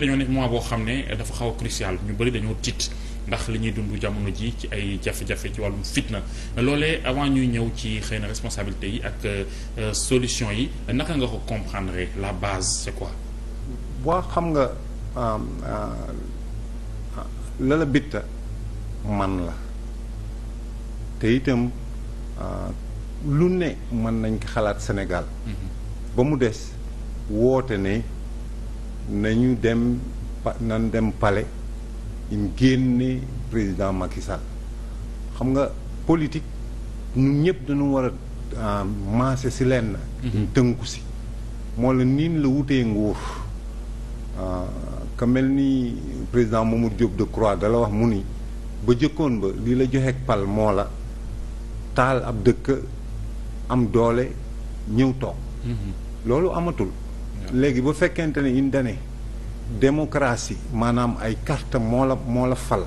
que dañoo nekk mois boo xam ne dafa xaw a crucial ñu bëri dañoo tiit ndax li ñuy dund jamono ji ci ay jafe-jafe ci wàllum fitna loole avant ñuy ñëw ci xëy na responsabilité yi ak euh, solution yi naka nga ko comprendre la base c'est quoi. boo xam nga lala euh, la bitta man la te itam euh, lu ne mën nañ xalaat Sénégal. Mm-hmm. ba mu des woote ne. nañu dem nan dem palais in génne président makisal xam nga politique ñun ñëpp dañu war a euh, maase si lenn. Mhm. tënku si moo la niin la wutee nguur euh, ka mel ni président Mamadou Diop Decroix dala wax mu ni ba jëkkoon ba lii la joxe pal moo la taal ab dëkk am doole ñëw toog mhm. loolu amatul léegi bu fekkente ne une dane démocratie maanaam ay carte moo la moo la fal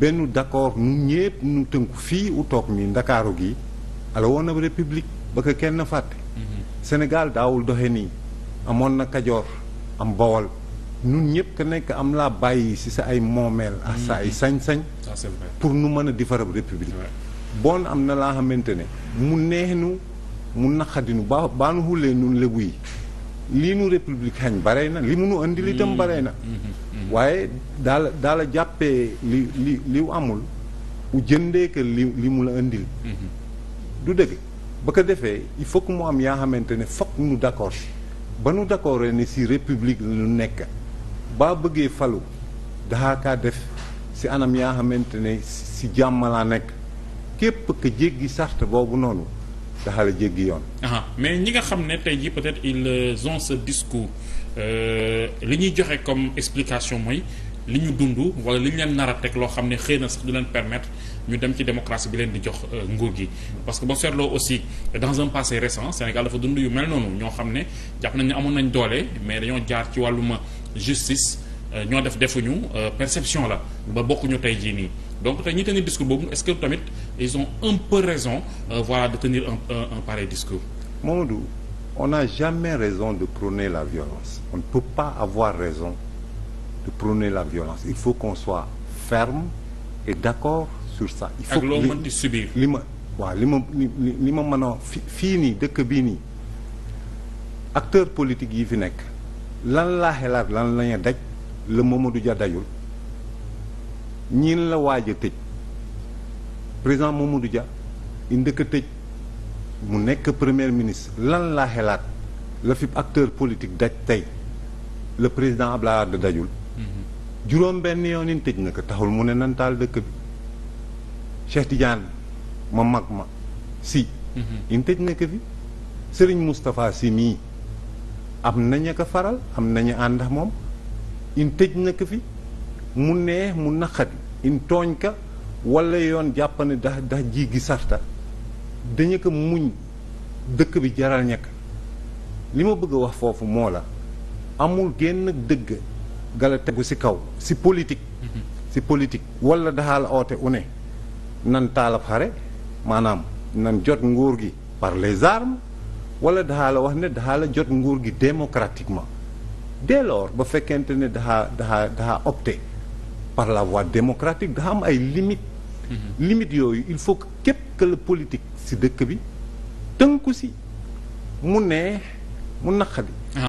benn d'accord nu ñépp nu tënku fii u toog mi ndakaaru gi ala woon na république ba ko kenn fàtte mhm. Sénégal daawul doxe nii amoon na Kajoor am Bawol nun ñëpp ku nekk am laa bàyyi ci sa ay moomeel ak sa ay mhm. sañ-sañ pour nu mën a defarab république bon am na laa xamante ne mu neex nu mu naqadinu baa baa nu xullee nun lébu yi lii nu républicain bare na li mu nu indi li tam mm-hmm. bare na mm-hmm. waaye daal daala jàppee li li liw amul u jëndee que li li mu la indil mm-hmm. du dëgg ba ko defee il faut mu am yaa xamante ne foog nu d'accord ba nu d'accord ne si république la nu nekk baa bëggee falu daxaa def si anam yaa xamante ne si jàmm nekk képp que jéggi sart boobu noonu daxala jéggi yoon. mais ñi nga xam ne tey jii peut-être ils euh, ont ce discours euh, li ñuy joxe comme explication mooy li ñu dund wala li ñu leen nar a teg loo xam ne xëy na sax du leen permettre ñu dem ci démocratie bi leen di jox euh, nguur gi. parce que boo seetloo aussi dans un passé récent Sénégal dafa dund yu mel noonu ñoo xam ne jàpp nañ ne amoon nañ doole mais dañoo jaar ci wàlluma justice. Euh, ñoo def defuñu euh, perception la ba bokkuñu tey jii nii donc te ñi tenir discours boobu est-ce que tamit ils ont un peu raison euh, voilà de tenir un, un, un pareil discours Mamadou on n'a jamais raison de prôner la violence on ne peut pas avoir raison de prôner la violence il faut qu'on soit ferme et d'accord sur ça loo mën di subir li ma waaw li ma li ma mën a fii nii dëkk bii nii acteurs politiques yi fi nekk lan laa xelaat lan lañu daj la Mamadou Dia dajul ñiin la waaj tëj président Mamadou Dia i ndëkk tëj mu nekk première ministre lan laa xelaat la fi acteur politique daj tey le président Abdoulaye Wade dajul mm-hmm. juróom benn yoon in tëj na ko taxul mu ne nan dëkk bi Cheikh Tidiane ma mag ma si mm-hmm. in tëj na ko fi Serigne Moustapha si mii am nañu ko faral am nañu ànd ak moom in tëj na ko fi mu neex mu naqat in tooñ ka wala yoon jàpp ne dax ji gi sarta dañu ko muñ dëkk bi jaral ñakk li ma bëgg a wax foofu moo la amul génn dëgg gala tegu ci kaw ci politique ci politique wala daxaal oote une nan taalab xare maanaam nan jot nguur gi par les armes wala daxaala wax ne daxaala jot nguur gi démocratiquement dès ba fekkente ne daxa daxa daxaa opté par la voie démocratique daxa am ay limites. Mhm. limites yooyu il faut que képp këll le politique si dëkk bi tënku si mu neex mu naqadi ah.